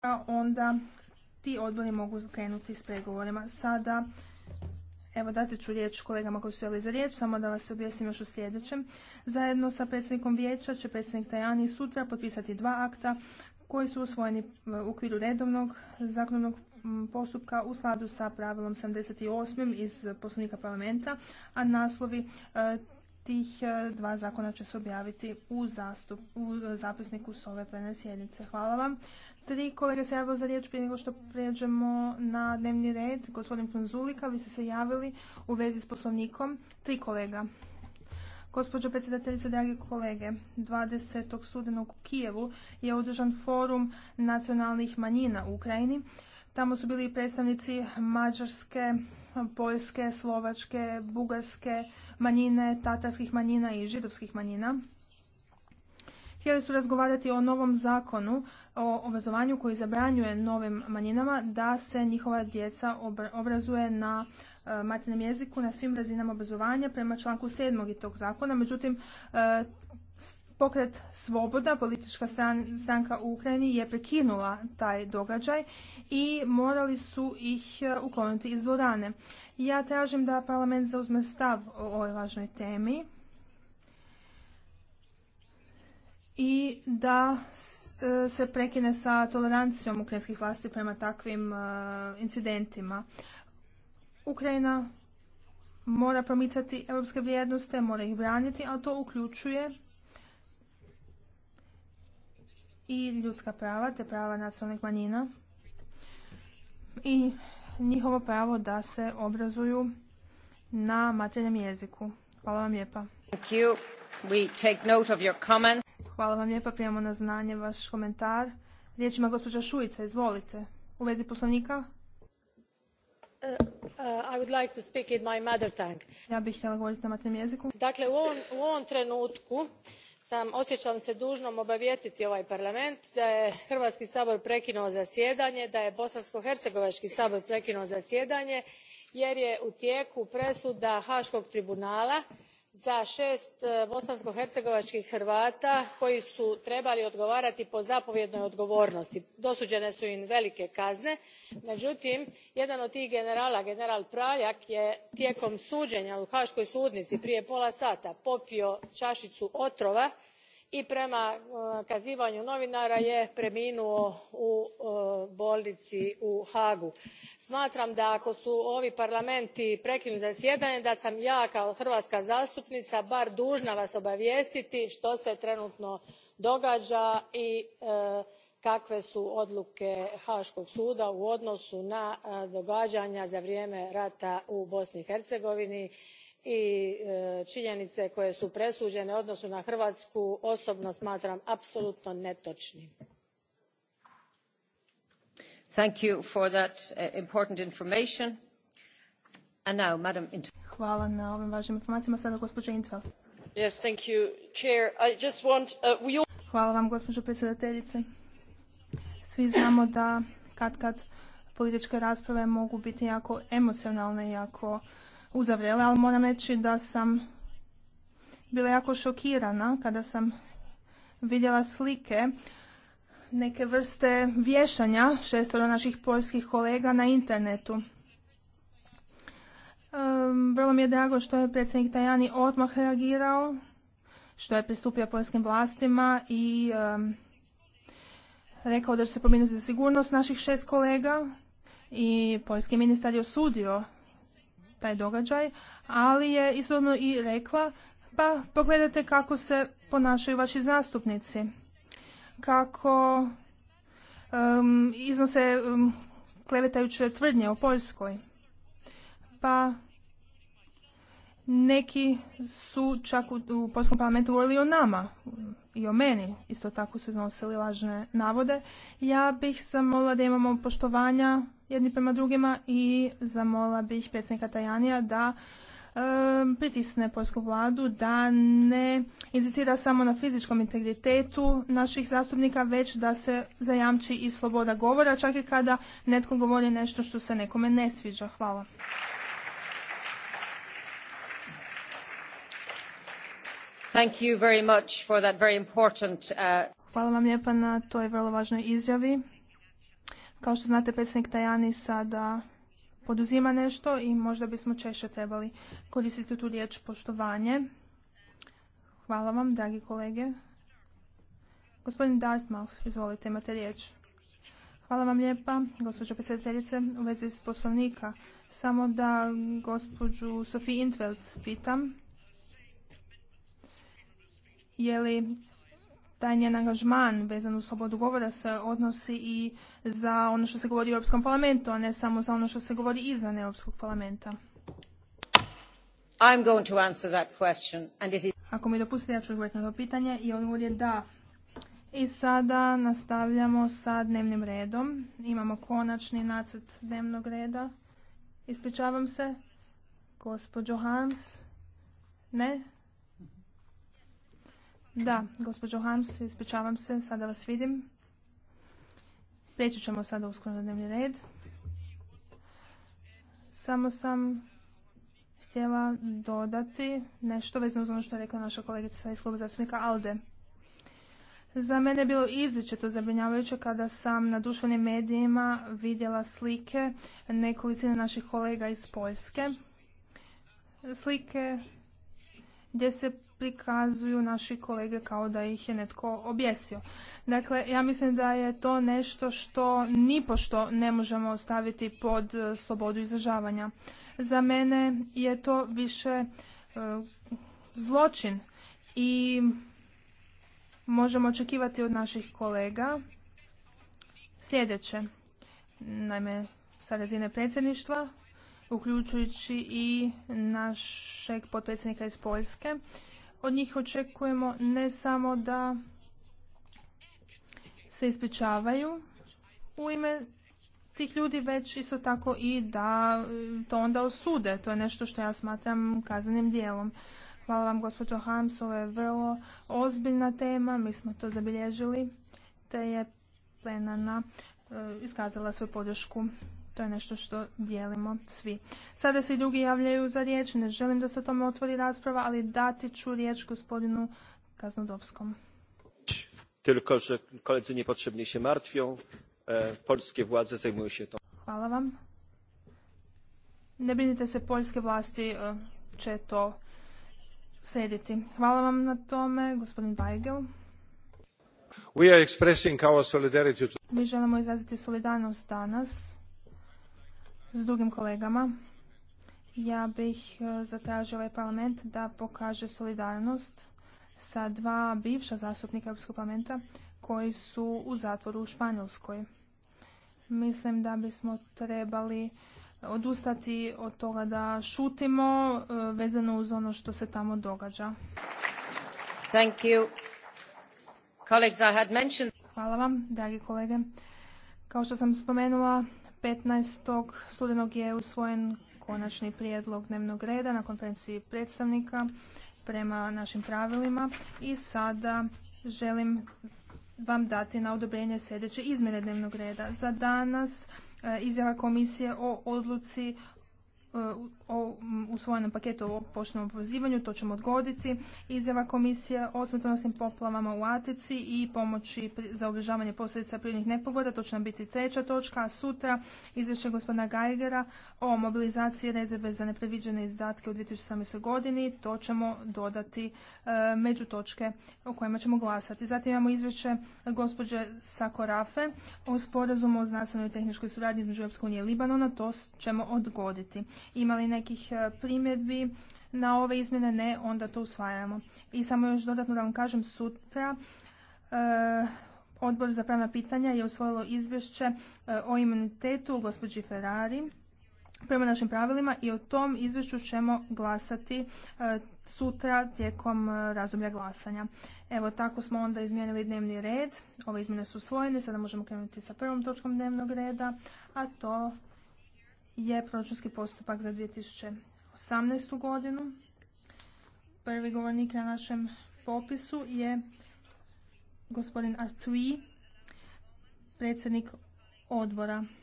Pa onda ti odbori mogu krenuti s pregovorima. Sada, evo dati ću riječ kolegama koji su javili za riječ, samo da vas objasnim još u sljedećem. Zajedno sa predsjednikom vijeća će predsjednik Tajani sutra potpisati dva akta koji su usvojeni e, u okviru redovnog zakonovnog postupka u sladu sa pravilom 78. iz poslovnika parlamenta, a naslovi e, tih e, dva zakona će se objaviti u, u zapisniku s ove plenarne sjednice. Hvala vam. Tri kolege se javili za riječ prije nego što pređemo na dnevni red. Gospodin Frunzulika, vi ste se javili u vezi s poslovnikom. Tri kolega. Gospođo predsjedateljice, dragi kolege, 20. studenog u Kijevu je održan forum nacionalnih manjina u Ukrajini. Tamo su bili predstavnici mađarske, poljske, slovačke, bugarske manjine, tatarskih manjina i židovskih manjina htjeli su razgovarati o novom zakonu o obrazovanju koji zabranjuje novim manjinama da se njihova djeca obrazuje na e, maternjem jeziku na svim razinama obrazovanja prema članku 7. i tog zakona. Međutim, e, pokret Svoboda, politička stranka u Ukrajini je prekinula taj događaj i morali su ih e, ukloniti iz dvorane. Ja tražim da parlament zauzme stav o ovoj važnoj temi i da e, se prekine sa tolerancijom ukrajinskih vlasti prema takvim e, incidentima. Ukrajina mora promicati europske vrijednosti, mora ih braniti, ali to uključuje i ljudska prava, te prava nacionalnih manjina i njihovo pravo da se obrazuju na materijalnom jeziku. Hvala vam lijepa. Hvala vam lijepa, primamo na znanje vaš komentar. Riječ ima gospođa Šuica, izvolite. U vezi poslovnika? Uh, uh, ja bih htjela govoriti na maternjem jeziku. Dakle, u ovom, u ovom trenutku sam osjećam se dužnom obavijestiti ovaj parlament da je hrvatski sabor prekinuo zasjedanje da je bosansko hercegovački sabor prekinuo zasjedanje jer je u tijeku presuda haškog tribunala za šest e, bosanskohercegovačkih hrvata koji su trebali odgovarati po zapovjednoj odgovornosti. dosuđene su im velike kazne međutim jedan od tih generala general praljak je tijekom suđenja u haškoj sudnici prije pola sata popio čašicu otrova i prema e, kazivanju novinara je preminuo u e, bolnici u haagu. smatram da ako su ovi parlamenti prekinuli zasjedanje da sam ja kao hrvatska zastupnica bar dužna vas obavijestiti što se trenutno događa i e, kakve su odluke haškog suda u odnosu na e, događanja za vrijeme rata u bosni i hercegovini i e, činjenice koje su presuđene u odnosu na hrvatsku osobno smatram apsolutno netočnim. Thank you for that uh, important information. And now, Hvala na ovim vašim informacijama. Sada gospođa Intva. Yes, thank uh, Hvala vam gospođo predsjedateljice. Svi znamo da katkad kad političke rasprave mogu biti jako emocionalne i jako uzavrele, ali moram reći da sam bila jako šokirana kada sam vidjela slike neke vrste vješanja šestora naših poljskih kolega na internetu. Vrlo mi je drago što je predsjednik Tajani odmah reagirao, što je pristupio poljskim vlastima i rekao da će se pominuti za sigurnost naših šest kolega i poljski ministar je osudio taj događaj, ali je istodobno i rekla pa pogledajte kako se ponašaju vaši zastupnici kako um, iznose um, klevetajuće tvrdnje o Poljskoj. Pa neki su čak u, u Poljskom parlamentu govorili o nama i o meni. Isto tako su iznosili lažne navode. Ja bih zamolila da imamo poštovanja jedni prema drugima i zamolila bih predsjednika Tajanija da pritisne poljsku vladu da ne inzistira samo na fizičkom integritetu naših zastupnika, već da se zajamči i sloboda govora, čak i kada netko govori nešto što se nekome ne sviđa. Hvala. Thank you very much for that very important, uh, Hvala vam lijepa na toj vrlo važnoj izjavi. Kao što znate, predsjednik Tajani sada poduzima nešto i možda bismo češće trebali koristiti tu riječ poštovanje. Hvala vam, dragi kolege. Gospodin Dartmouth, izvolite, imate riječ. Hvala vam lijepa, gospođo predsjedateljice, u vezi s poslovnika. Samo da gospođu Sofiju Intveld pitam, je li taj njen angažman vezan uz slobodu govora se odnosi i za ono što se govori u Europskom parlamentu, a ne samo za ono što se govori izvan Europskog parlamenta. I'm going to answer that question and it is... Ako mi dopustite, ja ću odgovoriti na to pitanje i odgovor je da. I sada nastavljamo sa dnevnim redom. Imamo konačni nacrt dnevnog reda. Ispričavam se. Gospođo Johans Ne? Da, gospođo Harms, ispričavam se, sada vas vidim. Prijeći ćemo sada uskoro na dnevni red. Samo sam htjela dodati nešto vezano uz ono što je rekla naša kolegica iz kluba zastupnika ALDE. Za mene je bilo izričito zabrinjavajuće kada sam na društvenim medijima vidjela slike nekolicine naših kolega iz Poljske. Slike gdje se prikazuju naši kolege kao da ih je netko objesio. Dakle, ja mislim da je to nešto što nipošto ne možemo ostaviti pod e, slobodu izražavanja. Za mene je to više e, zločin i možemo očekivati od naših kolega sljedeće. Naime, sa razine predsjedništva uključujući i našeg potpredsjednika iz Poljske. Od njih očekujemo ne samo da se ispričavaju u ime tih ljudi, već isto tako i da e, to onda osude. To je nešto što ja smatram kaznenim dijelom. Hvala vam, gospođo Harms, ovo je vrlo ozbiljna tema, mi smo to zabilježili, te je plenarna e, iskazala svoju podršku to je nešto što dijelimo svi. Sada se i drugi javljaju za riječ. Ne želim da se o tome otvori rasprava, ali dati ću riječ gospodinu Kaznodopskom. Tylko, że koledzy niepotrzebnie się martwią. E, polskie władze zajmują się to. Hvala vam. Ne brinite se, poljske vlasti e, će to srediti. Hvala vam na tome, gospodin Bajgel. We are expressing our solidarity to... Mi želimo izraziti solidarnost danas s drugim kolegama. Ja bih e, zatražio ovaj parlament da pokaže solidarnost sa dva bivša zastupnika Europskog parlamenta koji su u zatvoru u Španjolskoj. Mislim da bismo trebali odustati od toga da šutimo e, vezano uz ono što se tamo događa. Thank you. Colleagues, I had mentioned... Hvala vam, dragi kolege. Kao što sam spomenula, 15. studenog je usvojen konačni prijedlog dnevnog reda na konferenciji predstavnika prema našim pravilima i sada želim vam dati na odobrenje sljedeće izmjene dnevnog reda. Za danas e, izjava komisije o odluci o usvojenom paketu o počnom opozivanju, to ćemo odgoditi. Izjava komisije o smrtonosnim poplavama u Atici i pomoći za obježavanje posljedica prirodnih nepogoda, to će nam biti treća točka, a sutra izvješće gospodina Geigera o mobilizaciji rezerve za nepreviđene izdatke u 2017. godini, to ćemo dodati e, među točke o kojima ćemo glasati. Zatim imamo izvješće gospođe Sakorafe o sporazumu o znanstvenoj i tehničkoj suradnji između Europske unije i Libanona, to ćemo odgoditi imali nekih e, primjedbi na ove izmjene, ne, onda to usvajamo. I samo još dodatno da vam kažem, sutra e, Odbor za pravna pitanja je usvojilo izvješće e, o imunitetu gospođi Ferrari prema našim pravilima i o tom izvješću ćemo glasati sutra tijekom razumlja glasanja. Evo tako smo onda izmijenili dnevni red. Ove izmjene su usvojene, sada možemo krenuti sa prvom točkom dnevnog reda, a to je proračunski postupak za 2018. godinu. Prvi govornik na našem popisu je gospodin Artui, predsjednik odbora.